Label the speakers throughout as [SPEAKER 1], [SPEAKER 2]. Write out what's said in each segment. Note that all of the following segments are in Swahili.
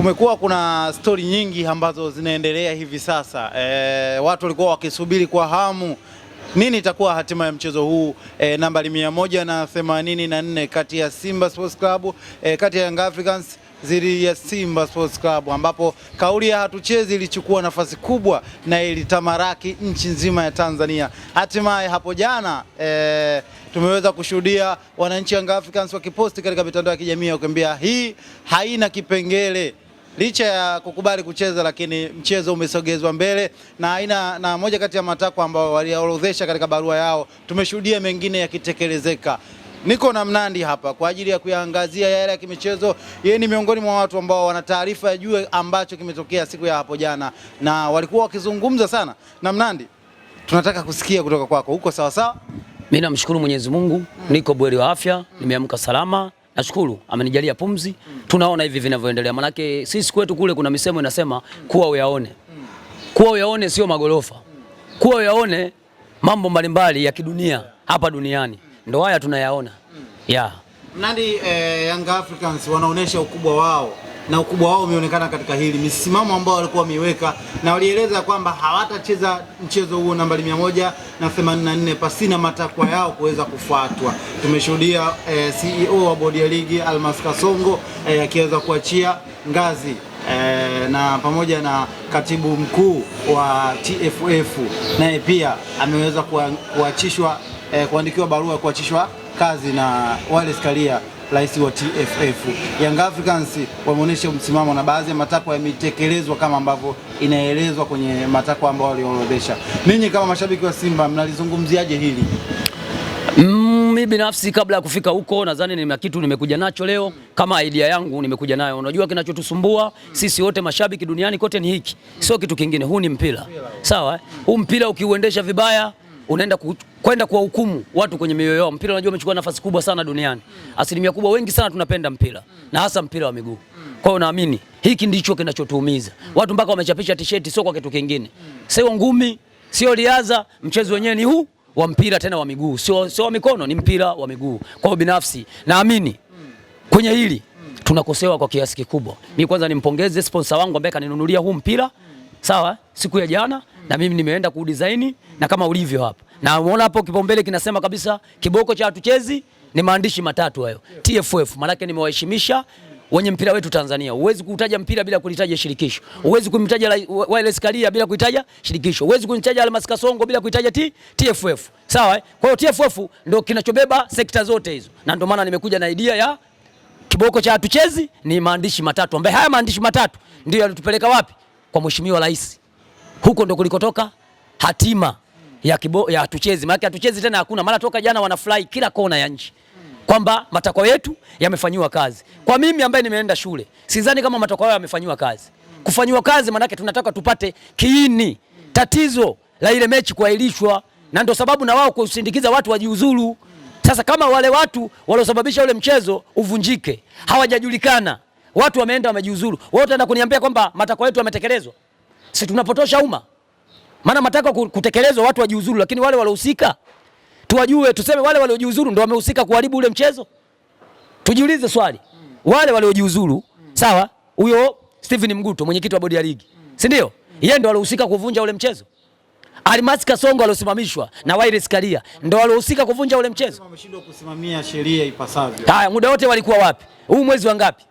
[SPEAKER 1] Kumekuwa kuna stori nyingi ambazo zinaendelea hivi sasa e, watu walikuwa wakisubiri kwa hamu nini itakuwa hatima ya mchezo huu e, nambari mia moja na themanini na nne kati ya Simba Sports Club e, kati ya Young Africans dhidi ya Simba Sports Club ambapo kauli ya hatuchezi ilichukua nafasi kubwa na ilitamaraki nchi nzima ya Tanzania. Hatimaye hapo jana e, tumeweza kushuhudia wananchi Young Africans wakiposti katika mitandao ya kijamii wakiambia hii haina kipengele licha ya kukubali kucheza, lakini mchezo umesogezwa mbele na aina na moja kati ya matakwa ambayo waliyaorodhesha katika barua yao, tumeshuhudia mengine yakitekelezeka. Niko na Mnandi hapa kwa ajili ya kuyaangazia yale ya kimichezo. Yeye ni miongoni mwa watu ambao wana taarifa ya juu ambacho kimetokea siku ya hapo jana, na walikuwa wakizungumza sana na Mnandi. Tunataka kusikia kutoka kwako, uko sawasawa?
[SPEAKER 2] Mimi namshukuru Mwenyezi Mungu, niko bweri wa afya, nimeamka salama Nashukuru amenijalia pumzi, tunaona hivi vinavyoendelea, manake sisi kwetu kule kuna misemo inasema kuwa uyaone, kuwa uyaone sio magorofa, kuwa uyaone mambo mbalimbali ya kidunia hapa duniani, ndo haya tunayaona yeah.
[SPEAKER 1] Mnandi eh, Young Africans wanaonesha ukubwa wao na ukubwa wao umeonekana katika hili, misimamo ambao walikuwa wameiweka, na walieleza kwamba hawatacheza mchezo huo nambari 184 pasina matakwa yao kuweza kufuatwa. Tumeshuhudia eh, CEO wa bodi ya ligi Almas Kasongo eh, akiweza kuachia ngazi eh, na pamoja na katibu mkuu wa TFF naye pia ameweza kuachishwa eh, kuandikiwa barua ya kuachishwa kazi na Wallace Karia rais wa TFF. Young Africans wameonyesha msimamo na baadhi ya matakwa yametekelezwa kama ambavyo inaelezwa kwenye matakwa ambayo waliorodhesha. Ninyi kama mashabiki wa Simba mnalizungumziaje hili?
[SPEAKER 2] Mm, Mi binafsi kabla ya kufika huko, nadhani nina kitu nimekuja nacho leo kama idea yangu nimekuja nayo. Unajua kinachotusumbua sisi wote mashabiki duniani kote ni hiki, sio kitu kingine. Huu ni mpira sawa, huu mpira ukiuendesha vibaya unaenda kwenda kuwahukumu watu kwenye mioyo yao. Mpira unajua umechukua nafasi kubwa sana duniani, asilimia kubwa, wengi sana tunapenda mpira na hasa mpira wa miguu. Kwa hiyo naamini hiki ndicho kinachotuumiza watu, mpaka wamechapisha t-shirt, sio kwa kitu kingine, sio ngumi, sio riadha. Mchezo wenyewe ni huu wa mpira, tena wa miguu, sio sio wa mikono, ni mpira wa miguu. Kwa hiyo binafsi naamini kwenye hili tunakosewa kwa kiasi kikubwa. Mimi kwanza nimpongeze sponsor wangu ambaye kaninunulia huu mpira, sawa, siku ya jana na mimi nimeenda kudesign na kama ulivyo hapa. Na unaona hapo kipaumbele kinasema kabisa kiboko cha hatuchezi ni maandishi matatu hayo. TFF maana yake nimewaheshimisha wenye mpira wetu Tanzania. Huwezi kuutaja mpira bila kulitaja shirikisho. Huwezi kumtaja Wireless Karia bila kuitaja shirikisho. Huwezi kumtaja Almas Kasongo bila kuitaja TFF. Sawa eh? Kwa hiyo TFF ndio kinachobeba sekta zote hizo. Na ndio maana nimekuja na idea ya kiboko cha hatuchezi ni maandishi matatu ambaye haya maandishi matatu ndio yalitupeleka wapi? Kwa Mheshimiwa Rais huko ndo kulikotoka hatima ya kibo, ya hatuchezi. Maana hatuchezi tena hakuna mara toka jana wanafurahi kila kona ya nchi kwamba matakwa yetu yamefanyiwa kazi. Kwa mimi ambaye nimeenda shule, sidhani kama matakwa yao yamefanyiwa kazi. Kufanyiwa kazi maana tunataka tupate kiini tatizo la ile mechi kuahirishwa, na ndio sababu na wao kusindikiza watu wajiuzuru. Sasa kama wale watu waliosababisha ule mchezo uvunjike hawajajulikana, watu wameenda wamejiuzuru, wao utaenda kuniambia kwamba matakwa yetu yametekelezwa? si tunapotosha umma? Maana matakwa kutekelezwa watu wajiuzuru, lakini wale waliohusika tuwajue, tuseme wale waliojiuzuru ndio wamehusika kuharibu ule mchezo. Tujiulize swali, wale waliojiuzuru, sawa, huyo Stephen Mguto mwenyekiti wa bodi ya ligi, si ndio yeye ndio alihusika kuvunja ule mchezo? Almas Kasongo aliosimamishwa na Wiles Karia ndio alihusika kuvunja ule mchezo?
[SPEAKER 1] Wameshindwa kusimamia sheria ipasavyo.
[SPEAKER 2] Haya, muda wote walikuwa wapi? Huu mwezi wa ngapi?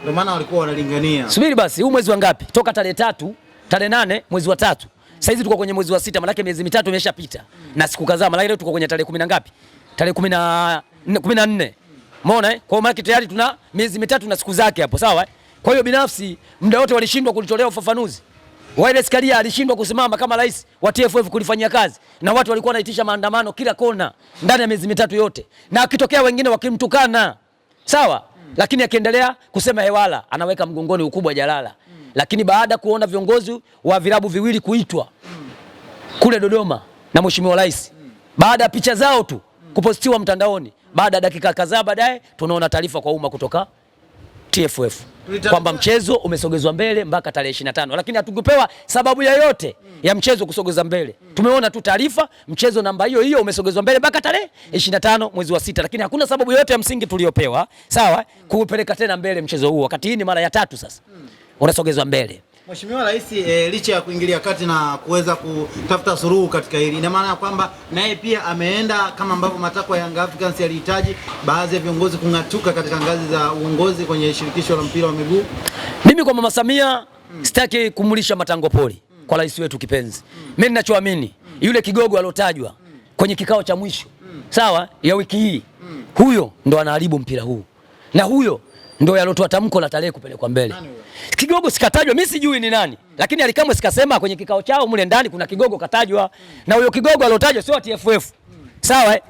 [SPEAKER 1] Ndio maana walikuwa wanalingania.
[SPEAKER 2] Subiri basi, huu mwezi wa ngapi? Toka tarehe tatu, tarehe nane mwezi wa tatu. Sasa hizi tuko kwenye mwezi wa sita, maanake miezi mitatu imeshapita na siku kadhaa, maanake leo tuko kwenye tarehe kumi na ngapi? Tarehe kumi na nne. Umeona eh? Kwa hiyo maana tayari tuna miezi mitatu na siku zake hapo, sawa eh? Kwa hiyo binafsi muda wote walishindwa kulitolea ufafanuzi. Wallace Karia alishindwa kusimama kama rais wa TFF kulifanyia kazi, na watu walikuwa wanaitisha maandamano kila kona ndani ya miezi mitatu yote, na akitokea wengine wakimtukana, sawa lakini akiendelea kusema hewala anaweka mgongoni ukubwa jalala mm. Lakini baada kuona viongozi wa vilabu viwili kuitwa mm. kule Dodoma na mheshimiwa rais mm. baada ya picha zao tu kupostiwa mtandaoni, baada ya dakika kadhaa baadaye tunaona taarifa kwa umma kutoka TFF kwamba mchezo umesogezwa mbele mpaka tarehe 25, lakini hatukupewa sababu yoyote mm. ya mchezo kusogezwa mbele. Mm. Tumeona tu taarifa mchezo namba hiyo hiyo umesogezwa mbele mpaka tarehe 25 mm. mwezi wa sita, lakini hakuna sababu yoyote ya msingi tuliyopewa, sawa, kuupeleka tena mbele mchezo huo. Wakati hii ni mara ya tatu sasa unasogezwa mbele.
[SPEAKER 1] Mheshimiwa Rais e, licha ya kuingilia kati na kuweza kutafuta suluhu katika hili, ina maana ya kwamba naye pia ameenda kama ambavyo matakwa ya Young Africans yalihitaji baadhi ya viongozi kung'atuka katika ngazi za uongozi kwenye shirikisho la mpira wa miguu.
[SPEAKER 2] Mimi kwa Mama Samia hmm, sitaki kumulisha matango poli hmm, kwa rais wetu kipenzi hmm. Mimi ninachoamini hmm, yule kigogo alotajwa hmm, kwenye kikao cha mwisho hmm, sawa ya wiki hii hmm, huyo ndo anaharibu mpira huu na huyo ndo yalotoa tamko la tarehe kupelekwa mbele Anu. Kigogo sikatajwa, mimi sijui ni nani, Mm. lakini Alikamwe sikasema kwenye kikao chao mule ndani kuna kigogo katajwa, Mm. na huyo kigogo aliotajwa sio TFF, Mm. sawa eh?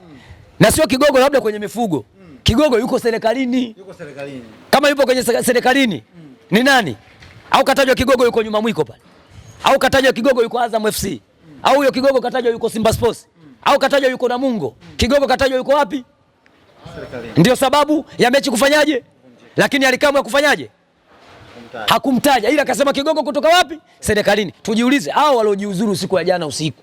[SPEAKER 2] na sio kigogo labda kwenye mifugo, Mm. kigogo yuko serikalini. Yuko serikalini, kama yupo kwenye serikalini Mm. ni nani? Au katajwa kigogo yuko nyuma mwiko pale, au katajwa kigogo yuko Azam FC, Mm. au huyo kigogo katajwa yuko Simba Sports, Mm. au katajwa yuko Namungo, kigogo katajwa yuko wapi? Serikalini. Ndio sababu ya mechi kufanyaje, lakini Alikamwe kufanyaje hakumtaja ila akasema kigogo kutoka wapi? Serikalini. Tujiulize hao waliojiuzuru siku ya jana usiku,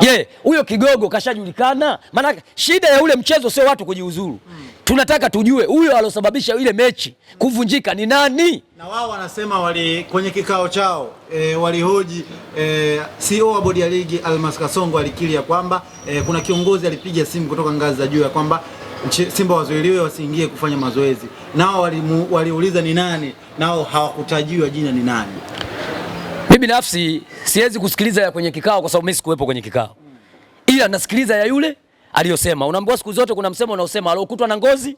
[SPEAKER 2] je, huyo kigogo kashajulikana? Maana shida ya ule mchezo sio watu kujiuzuru, hmm. tunataka tujue huyo alosababisha ile mechi kuvunjika ni nani?
[SPEAKER 1] Na wao wanasema wali kwenye kikao chao e, walihoji e, CEO wa bodi ya ligi Almas Kasongo alikiri ya kwamba e, kuna kiongozi alipiga simu kutoka ngazi za juu ya kwamba Simba wazuiliwe wasiingie kufanya mazoezi, nao waliuliza wali ni nani, nao hawakutajiwa jina ni nani.
[SPEAKER 2] Mimi binafsi siwezi kusikiliza ya kwenye kikao kwa sababu mimi sikuwepo kwenye kikao, ila nasikiliza ya yule aliyosema. Unaambiwa siku zote kuna msemo unaosema aliokutwa na ngozi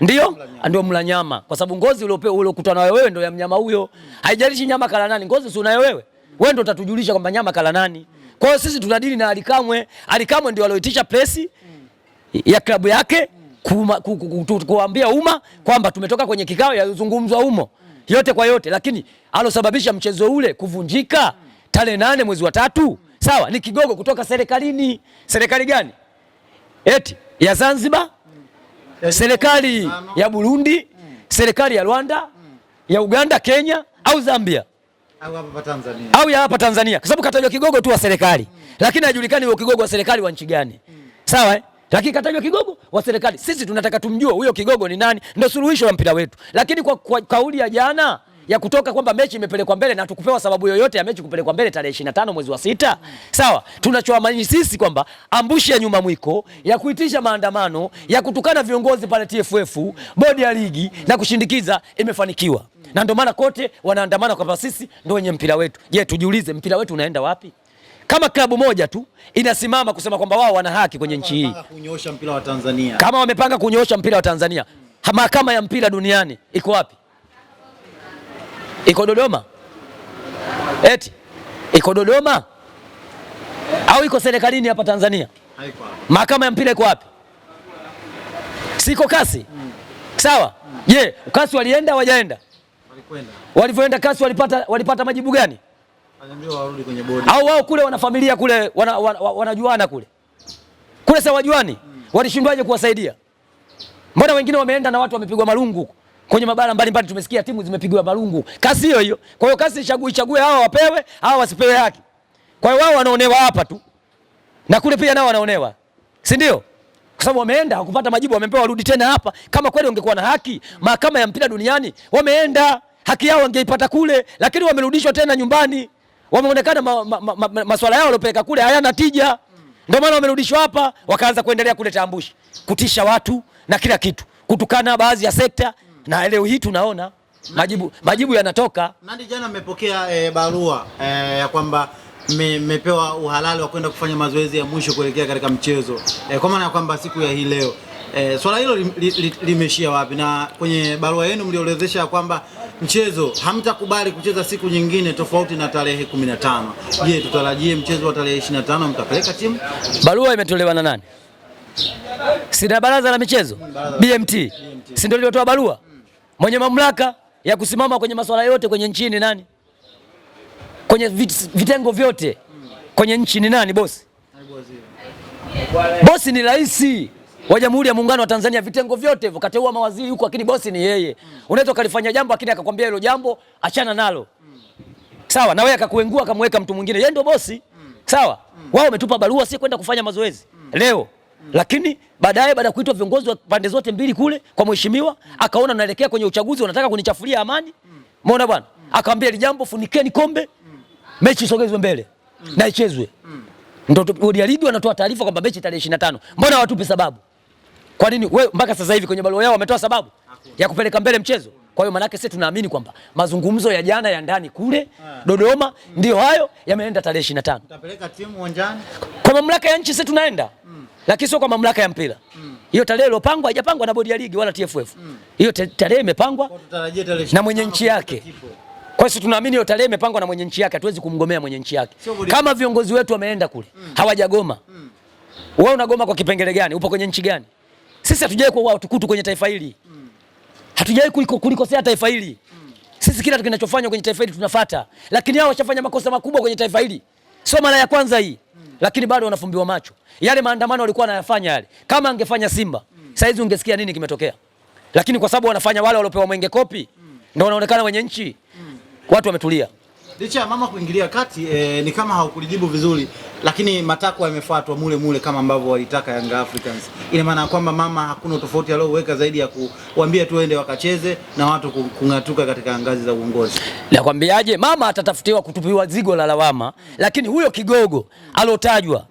[SPEAKER 2] ndio ndio mla nyama, kwa sababu ngozi ule ukutwa na wewe ndio ya mnyama huyo. Haijalishi nyama kala nani, ngozi si unayo wewe, wewe ndio utatujulisha kwamba nyama kala nani. Kwa hiyo sisi tunadili na Alikamwe. Alikamwe ndio alioitisha presi ya klabu yake kuambia umma kwamba tumetoka kwenye kikao yazungumzwa humo yote kwa yote, lakini alosababisha mchezo ule kuvunjika tarehe nane mwezi wa tatu, sawa, ni kigogo kutoka serikalini. Serikali gani? Eti ya Zanzibar, serikali ya Burundi, serikali ya Rwanda, ya Uganda, Kenya au Zambia
[SPEAKER 1] au hapa Tanzania,
[SPEAKER 2] au ya hapa Tanzania, kwa sababu katajwa kigogo tu wa serikali, lakini hajulikani kigogo wa serikali wa nchi gani, sawa eh? Lakini katajwa kigogo wa serikali. Sisi tunataka tumjue huyo kigogo ni nani, ndio suluhisho la mpira wetu. Lakini kwa, kwa kauli ya jana ya kutoka kwamba mechi imepelekwa mbele na tukupewa sababu yoyote ya mechi kupelekwa mbele tarehe 25 mwezi wa sita, sawa. Tunachoamini sisi kwamba ambushi ya nyuma mwiko ya kuitisha maandamano ya kutukana viongozi pale TFF, bodi ya ligi na kushindikiza imefanikiwa, na ndio maana kote wanaandamana kwamba sisi ndio wenye mpira wetu. Je, tujiulize mpira wetu unaenda wapi? kama klabu moja tu inasimama kusema kwamba wao wana haki kwenye nchi hii, kama wamepanga kunyoosha mpira wa Tanzania, mahakama ya mpira duniani iko wapi? Iko Dodoma? Eti iko Dodoma au iko serikalini hapa Tanzania? Mahakama ya mpira iko wapi? Siko kasi hmm. sawa. Hmm. Je, yeah, kasi walienda wajaenda? Walivyoenda kasi walipata, walipata majibu gani? au wao kule wana familia kule wanajuana wana, wana, kule kule sasa wajuani hmm. Walishindwaje kuwasaidia? Mbona wengine wameenda na watu wamepigwa marungu kwenye mabara mbalimbali, tumesikia timu zimepigwa marungu. Kasi hiyo hiyo. Kwa hiyo kasi chague chague, hao wapewe, hawa wasipewe haki. Kwa hiyo wao wanaonewa hapa tu na kule pia nao wanaonewa, si ndio? Kwa sababu wameenda hakupata majibu, wamepewa warudi tena hapa. Kama kweli wangekuwa na haki, mahakama ya mpira duniani, wameenda haki yao wangeipata kule, lakini wamerudishwa tena nyumbani wameonekana maswala ma, ma, ma, ma yao waliopeleka kule hayana tija, ndio maana wamerudishwa hapa, wakaanza kuendelea kuleta ambushi, kutisha watu na kila kitu, kutukana baadhi ya sekta, na leo hii tunaona majibu, majibu yanatoka.
[SPEAKER 1] Nandi jana mmepokea e, barua eh, ya kwamba mmepewa me, uhalali wa kwenda kufanya mazoezi ya mwisho kuelekea katika mchezo e, kwa maana ya kwamba siku ya hii leo e, swala hilo li wapi? Na kwenye barua yenu mlioelezesha kwamba mchezo hamtakubali kucheza siku nyingine tofauti na tarehe 15. Je, tutarajie mchezo wa tarehe 25 mtapeleka timu?
[SPEAKER 2] Barua imetolewa na nani? Sina baraza la michezo BMT, BMT. Si ndio liliotoa barua? Hmm. Mwenye mamlaka ya kusimama kwenye masuala yote kwenye nchi ni nani? Kwenye vitengo vyote hmm. kwenye nchi ni nani? Bosi, bosi ni rais wa Jamhuri ya Muungano wa Tanzania, vitengo vyote hivyo, kateua mawaziri huko, lakini bosi ni yeye. Unaweza ukalifanya jambo, lakini akakwambia hilo jambo achana nalo, sawa, na wewe akakuengua akamweka mtu mwingine, yeye ndio bosi, sawa. Wao wametupa barua, si kwenda kufanya mazoezi leo lakini baadaye baada ya kuitwa viongozi wa pande zote mbili kule kwa mheshimiwa, mm. akaona naelekea kwenye uchaguzi, wanataka kunichafulia amani, umeona bwana, mm. akamwambia ile jambo funikeni kombe, mm. mechi isogezwe mbele mm. na ichezwe. mm. Ndio bodi ya ligi wanatoa taarifa kwamba mechi tarehe 25. Mbona watupi sababu? Kwa nini wewe mpaka sasa hivi kwenye barua yao wametoa sababu Hakuna. ya kupeleka mbele mchezo? Kwa hiyo maanake sisi tunaamini kwamba mazungumzo ya jana ya ndani kule ha. Eh. Dodoma hmm. ndio hayo yameenda tarehe 25.
[SPEAKER 1] Tutapeleka timu uwanjani.
[SPEAKER 2] Kwa mamlaka ya nchi sisi tunaenda hmm. lakini sio kwa mamlaka ya mpira mm. hiyo hmm. tarehe iliyopangwa haijapangwa na bodi ya ligi wala TFF mm. hiyo hmm. tarehe imepangwa na mwenye nchi yake kwa sisi tunaamini hiyo tarehe imepangwa na mwenye nchi yake, hatuwezi kumgomea mwenye nchi yake. Kama viongozi wetu wameenda kule mm. hawajagoma mm. wewe unagoma kwa kipengele gani? Upo kwenye nchi gani? Sisi hatujawahi kuwa watukutu kwenye taifa hili. Hatujawahi kulikosea taifa hili. Sisi kila tunachofanya kwenye taifa hili tunafuata. Lakini hao washafanya makosa makubwa kwenye taifa hili. Sio mara ya kwanza hii. Lakini bado wanafumbiwa macho. Yale maandamano walikuwa wanayafanya yale. Kama angefanya Simba, hizi ungesikia nini kimetokea. Lakini kwa sababu wanafanya wale waliopewa mwenge kopi, ndio wanaonekana wenye nchi. Watu wametulia
[SPEAKER 1] licha ya mama kuingilia kati e, ni kama haukulijibu vizuri, lakini matakwa yamefuatwa mule mule kama ambavyo walitaka Yanga Africans. Ina maana ya kwamba mama hakuna tofauti alioweka zaidi ya kuambia tu waende wakacheze na watu kung'atuka katika ngazi za uongozi.
[SPEAKER 2] Nakwambiaje, mama atatafutiwa kutupiwa zigo la lawama, lakini huyo kigogo alotajwa,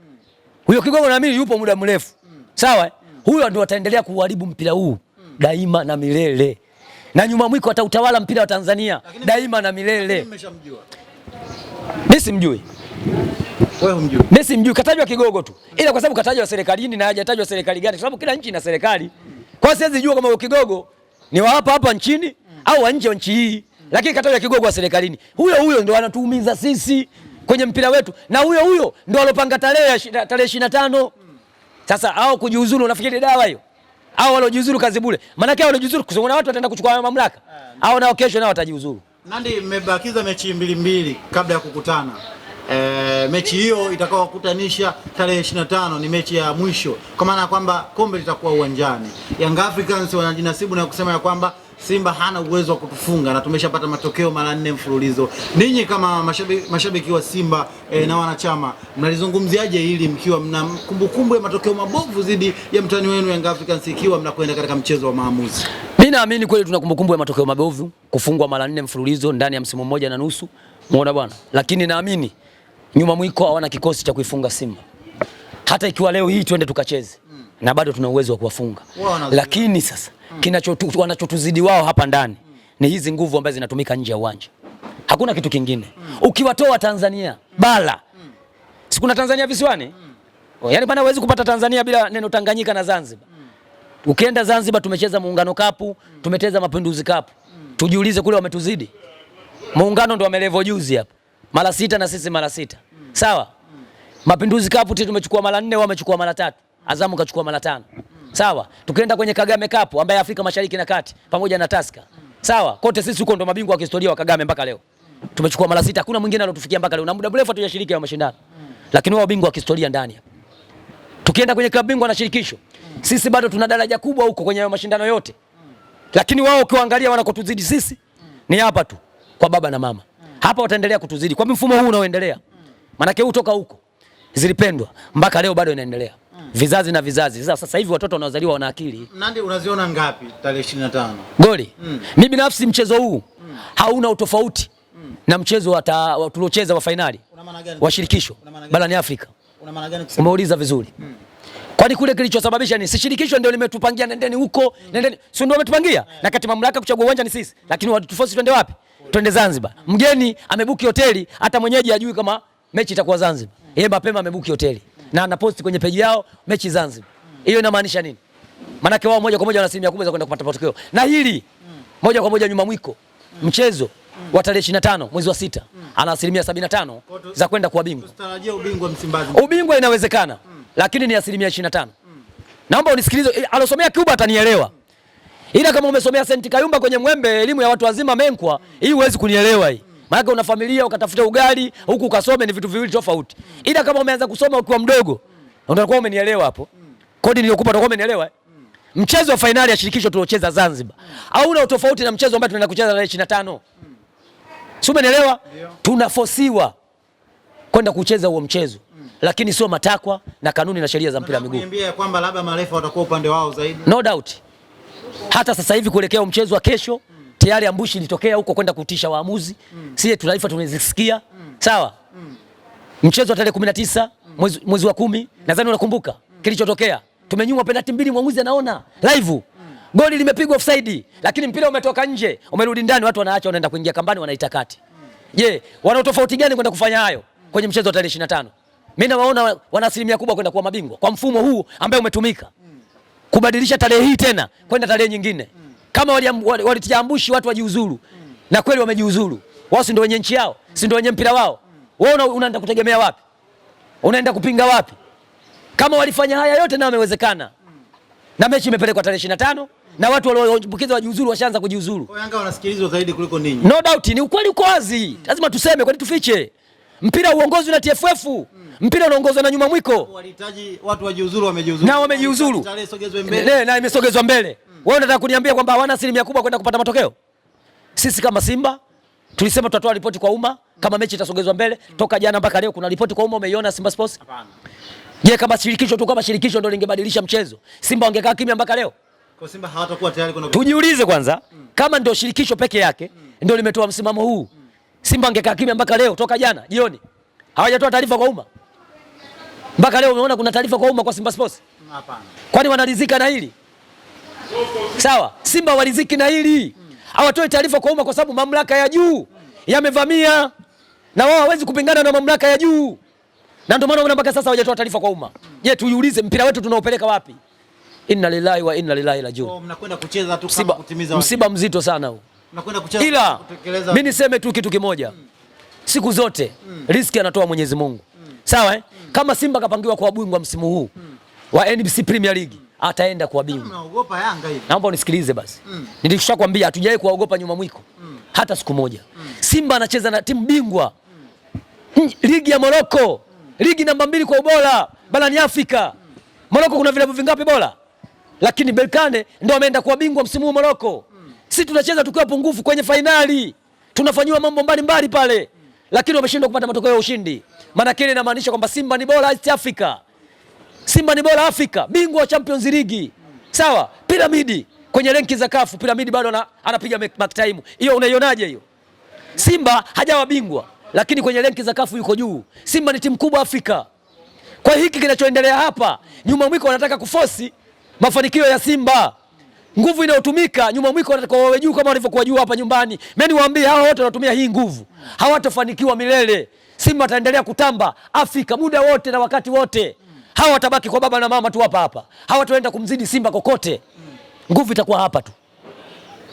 [SPEAKER 2] huyo kigogo mimi yupo muda mrefu, sawa. Huyo ndio ataendelea kuharibu mpira huu daima na milele na nyuma mwiko atautawala mpira wa Tanzania lakini, daima na milele. Mimi simjui mimi simjui, katajwa kigogo tu, ila kwa sababu katajwa serikalini na hajatajwa serikali gani, kwa sababu kila nchi ina serikali. Kwa hiyo siwezi jua kama kigogo ni wa hapa hapa nchini au wa nje nchi hii lakini katajwa kigogo wa serikalini, huyo huyo ndo anatuumiza sisi kwenye mpira wetu, na huyo huyo ndo alopanga tarehe tarehe 25 Sasa au kujiuzuru, unafikiri dawa hiyo? au waliojiuzuru kazi bure. Maana yake waliojiuzuru kuna watu wataenda kuchukua mamlaka. Eh. Au nao kesho nao watajiuzuru.
[SPEAKER 1] Nandi, mmebakiza mechi mbili mbili kabla ya kukutana. E, mechi hiyo itakayokutanisha tarehe 25 ni mechi ya mwisho kwa maana ya kwamba kombe litakuwa uwanjani. Young Africans wanajinasibu na kusema ya kwamba Simba hana uwezo wa kutufunga na tumeshapata matokeo mara nne mfululizo. Ninyi kama mashabiki, mashabiki wa Simba e, na wanachama mnalizungumziaje hili mkiwa mna kumbukumbu ya matokeo mabovu dhidi ya mtani wenu Young Africans ikiwa mnakwenda katika mchezo wa maamuzi?
[SPEAKER 2] Mimi naamini kweli tuna kumbukumbu ya matokeo mabovu, kufungwa mara nne mfululizo ndani ya msimu mmoja na nusu. Muona bwana, lakini naamini nyuma mwiko hawana kikosi cha kuifunga Simba, hata ikiwa leo hii twende tukacheze na bado tuna uwezo wa kuwafunga, lakini sasa hmm, kinachotu wanachotuzidi wao hapa ndani hmm, ni hizi nguvu ambazo zinatumika nje ya uwanja, hakuna kitu kingine. hmm. Ukiwatoa Tanzania hmm, bala, hmm, si kuna Tanzania visiwani? hmm, Yaani bana, huwezi kupata Tanzania bila neno Tanganyika na Zanzibar. hmm. Ukienda Zanzibar tumecheza muungano kapu, hmm, tumecheza mapinduzi kapu, hmm, tujiulize kule wametuzidi. Muungano ndo wamelevo juzi hapa mara sita na sisi mara sita, hmm. sawa. Mm. Mapinduzi kapu tumechukua mara nne, wamechukua mara tatu. Azamu kachukua mara tano. Sawa, tukienda kwenye Kagame Cup ambaye Afrika Mashariki na Kati pamoja na Taska. Sawa, kote sisi huko ndo mabingwa wa kihistoria wa Kagame mpaka leo. Tumechukua mara sita, hakuna mwingine aliyotufikia mpaka leo. Na muda mrefu hatujashiriki ya mashindano. Lakini wao bingwa wa kihistoria ndani. Tukienda kwenye klabu bingwa na shirikisho, sisi bado tuna daraja kubwa huko kwenye hayo mashindano yote. Lakini wao ukiwaangalia wanakotuzidi sisi ni hapa tu kwa baba na mama. Hapa wataendelea kutuzidi kwa mfumo huu unaoendelea. Maana yake toka huko zilipendwa mpaka leo bado inaendelea vizazi na vizazi. Sasa sasa hivi watoto wanaozaliwa wana akili.
[SPEAKER 1] Nandi, unaziona ngapi tarehe 25?
[SPEAKER 2] Goli. Mm. Mimi binafsi mchezo huu mm. hauna utofauti mm. na mchezo tuliocheza wa fainali wa shirikisho barani Afrika. Una maana gani kusema? Umeuliza vizuri mm. Kwani kule kilichosababisha ni si shirikisho ndio limetupangia nendeni huko mm. nendeni, si ndio wametupangia yeah. na kati mamlaka kuchagua uwanja ni sisi mm. lakini watuforce twende wapi? Twende Zanzibar. Mgeni amebuki hoteli, hata mwenyeji ajui kama mechi itakuwa Zanzibar. mm. Yeye mapema amebuki hoteli na anaposti kwenye peji yao mechi Zanzibar. Hiyo inamaanisha nini? Maanake wao moja kwa moja wana asilimia kubwa za kwenda kupata matokeo, na hili moja kwa moja nyuma mwiko mchezo wa tarehe 25 mwezi wa sita ana asilimia 75 za kwenda kuwa bingwa. Tutarajia ubingwa Msimbazi. Ubingwa inawezekana, lakini ni asilimia 25. Naomba unisikilize, eh, alosomea Cuba atanielewa, ila kama umesomea Senti Kayumba kwenye Mwembe elimu ya watu wazima Menkwa, hii huwezi kunielewa hii maana una familia ukatafuta ugali huku ukasome, ni vitu viwili tofauti. Ila kama umeanza kusoma ukiwa mdogo, utakuwa umenielewa hapo. Kodi niliyokupa utakuwa umenielewa. Eh? Mchezo wa fainali ya shirikisho tuliocheza Zanzibar hauna utofauti na mchezo ambao tunaenda kucheza tarehe 25. Si umenielewa? Tunafosiwa kwenda kucheza huo mchezo lakini sio matakwa na kanuni na sheria za mpira wa miguu.
[SPEAKER 1] Niambia kwamba labda marefa watakuwa upande wao zaidi.
[SPEAKER 2] No doubt. Hata sasa hivi kuelekea mchezo wa kesho tayari ambushi ilitokea huko kwenda kutisha waamuzi mm. Sisi taarifa tunazisikia mm. Sawa mm. Mchezo wa tarehe 19 mm. mwezi, mwezi wa kumi mm. Nadhani unakumbuka mm. kilichotokea mm. Tumenyimwa penalti mbili, mwamuzi anaona mm. live mm. Goli limepigwa offside, lakini mpira umetoka nje, umerudi ndani, watu wanaacha, wanaenda kuingia kambani, wanaita kati. Mm. Je, mm. wana tofauti gani kwenda kufanya hayo mm. kwenye mchezo wa tarehe 25? Mimi nawaona wana asilimia kubwa kwenda kuwa mabingwa kwa mfumo huu ambao umetumika mm. kubadilisha tarehe hii tena kwenda tarehe nyingine mm kama walitia ambushi watu wajiuzuru, na kweli wamejiuzuru. Wao si ndio wenye nchi yao, si ndio wenye mpira wao? Wewe unaenda kutegemea wapi? Unaenda kupinga wapi? Kama walifanya haya yote na wamewezekana, na mechi imepelekwa tarehe 25 na watu walioambukiza wajiuzuru washaanza kujiuzuru.
[SPEAKER 1] Kwa Yanga wanasikilizwa zaidi kuliko ninyi.
[SPEAKER 2] No doubt, ni ukweli uko wazi, mm. lazima tuseme, kwani tufiche? Mpira uongozwi na TFF, mm. mpira unaongozwa na nyuma mwiko.
[SPEAKER 1] Walihitaji watu wajiuzuru, wamejiuzuru
[SPEAKER 2] na wamejiuzuru, mbele. na imesogezwa mbele wewe unataka kuniambia kwamba hawana asilimia kubwa kwenda kupata matokeo? Sisi kama Simba tulisema tutatoa ripoti kwa umma kama mechi itasogezwa mbele. Toka jana mpaka leo kuna ripoti kwa umma, umeiona Simba Sports? Hapana. Je, kama shirikisho tu, kama shirikisho ndio lingebadilisha mchezo, Simba wangekaa kimya mpaka leo? Kwa Simba hawatakuwa tayari kuna. Tujiulize kwanza, mm. kama ndio shirikisho peke yake ndio limetoa msimamo huu mm. Simba wangekaa kimya mpaka leo, toka jana jioni hawajatoa taarifa kwa umma mpaka leo. Umeona kuna taarifa kwa umma kwa Simba Sports? Hapana. Kwani wanalizika na hili? Sawa, Simba waliziki na hili hawatoe taarifa kwa umma kwa sababu mamlaka ya juu yamevamia, na wao hawezi kupingana na mamlaka ya juu, na ndio maana mpaka sasa hawajatoa taarifa kwa umma. Je, tuiulize mpira wetu tunaopeleka wapi? Inna lillahi wa inna ilaihi rajiun.
[SPEAKER 1] mnakwenda kucheza tu kama kutimiza
[SPEAKER 2] msiba mzito sana huu. Mnakwenda kucheza ila mimi niseme tu kitu kimoja mm. siku zote mm. riski anatoa Mwenyezi Mungu mm. sawa eh? mm. kama Simba kapangiwa kwa bingwa msimu huu mm. wa NBC Premier League mm ataenda kuwa bingwa. Naogopa Yanga hivi? Naomba unisikilize basi. Mm. Nilikushakwambia hatujawahi kuwaogopa nyuma mwiko. Mm. Hata siku moja. Mm. Simba anacheza na timu bingwa. Mm. Ligi ya Morocco. Mm. Ligi namba mbili kwa ubora barani Afrika. Mm. Morocco kuna vilabu vingapi bora? Lakini Belkane ndo ameenda kuwa bingwa msimu huu Morocco. Mm. Sisi tunacheza tukiwa pungufu kwenye fainali. Tunafanyiwa mambo mbalimbali pale. Mm. Lakini wameshindwa kupata matokeo ya ushindi. Maana kile inamaanisha kwamba Simba ni bora East Africa. Simba ni bora Afrika, bingwa wa Champions League. Sawa, piramidi kwenye renki za kafu, piramidi bado anapiga mark time. Hiyo unaionaje hiyo? Simba hajawa bingwa, lakini kwenye renki za kafu yuko juu. Simba ni timu kubwa Afrika. Kwa hiki kinachoendelea hapa, nyuma mwiko wanataka kufosi mafanikio ya Simba. Nguvu inayotumika nyuma mwiko wanataka wawe juu kama walivyokuwa juu hapa nyumbani. Mimi niwaambie hawa wote wanatumia hii nguvu, hawatofanikiwa milele. Simba ataendelea kutamba Afrika muda wote na wakati wote hawa watabaki kwa baba na mama tu hapa hapa, hawataenda kumzidi Simba kokote. Nguvu itakuwa hapa tu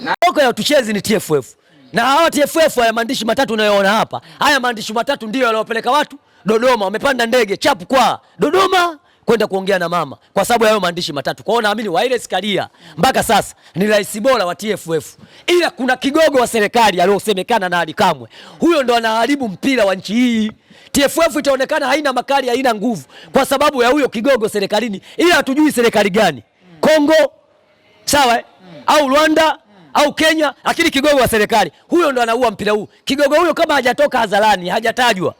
[SPEAKER 2] na ya tuchezi ni TFF na hawa TFF. Haya maandishi matatu unayoona hapa, haya maandishi matatu ndio yaliyowapeleka watu Dodoma, wamepanda ndege chapu kwa Dodoma kwenda kuongea na mama kwa sababu hayo maandishi matatu. Kwa hiyo naamini Waile Karia mpaka sasa ni rais bora wa TFF, ila kuna kigogo wa serikali aliyosemekana na Alikamwe, huyo ndo anaharibu mpira wa nchi hii. TFF itaonekana haina makali, haina nguvu kwa sababu ya huyo kigogo serikalini, ila hatujui serikali gani, Kongo sawa eh? au Rwanda au Kenya, lakini kigogo wa serikali huyo ndo anaua mpira huu. Kigogo huyo kama hajatoka hadharani, hajatajwa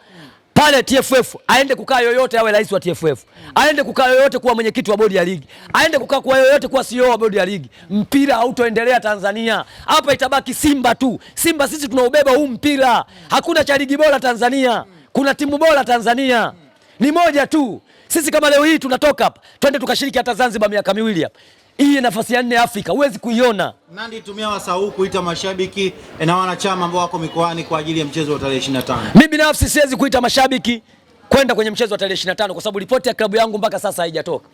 [SPEAKER 2] pale TFF, aende kukaa yoyote, awe rais wa TFF, aende kukaa yoyote kuwa mwenyekiti wa bodi ya ligi, aende kukaa kwa yoyote kuwa CEO wa bodi ya ligi, mpira hautoendelea Tanzania. Hapa itabaki Simba tu. Simba sisi tunaubeba huu mpira, hakuna cha ligi bora Tanzania kuna timu bora Tanzania ni moja tu. Sisi kama leo hii tunatoka hapa twende tukashiriki hata Zanzibar miaka miwili hapa, hii nafasi ya nne Afrika huwezi kuiona.
[SPEAKER 1] Nandi, tumia wasaa huu kuita mashabiki eh, na wanachama ambao wako mikoani kwa ajili ya mchezo wa tarehe 25.
[SPEAKER 2] Mimi binafsi siwezi kuita mashabiki kwenda kwenye mchezo wa tarehe 25 kwa sababu ripoti ya klabu yangu mpaka sasa haijatoka.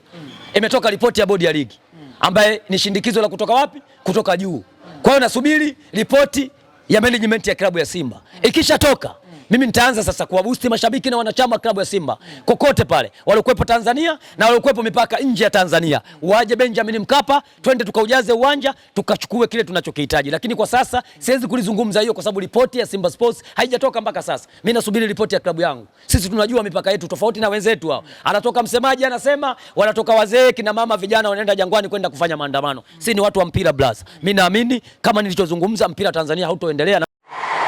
[SPEAKER 2] Imetoka ripoti ya bodi ya ligi ambaye ni shindikizo la kutoka wapi? Kutoka juu. Kwa hiyo nasubiri ripoti ya management ya klabu ya Simba ikishatoka mimi nitaanza sasa kuwabusti mashabiki na wanachama wa klabu ya Simba kokote pale waliokuwepo Tanzania na waliokuwepo mipaka nje ya Tanzania, waje Benjamin Mkapa, twende tukaujaze uwanja tukachukue kile tunachokihitaji. Lakini kwa sasa siwezi kulizungumza hiyo, kwa sababu ripoti ya Simba Sports haijatoka mpaka sasa. Mimi nasubiri ripoti ya klabu yangu. Sisi tunajua mipaka yetu tofauti na wenzetu hao. Anatoka msemaji anasema, wanatoka wazee, kina mama, vijana wanaenda jangwani kwenda kufanya maandamano. Si ni watu wa mpira blaza. Mimi naamini kama nilichozungumza, mpira Tanzania hautoendelea na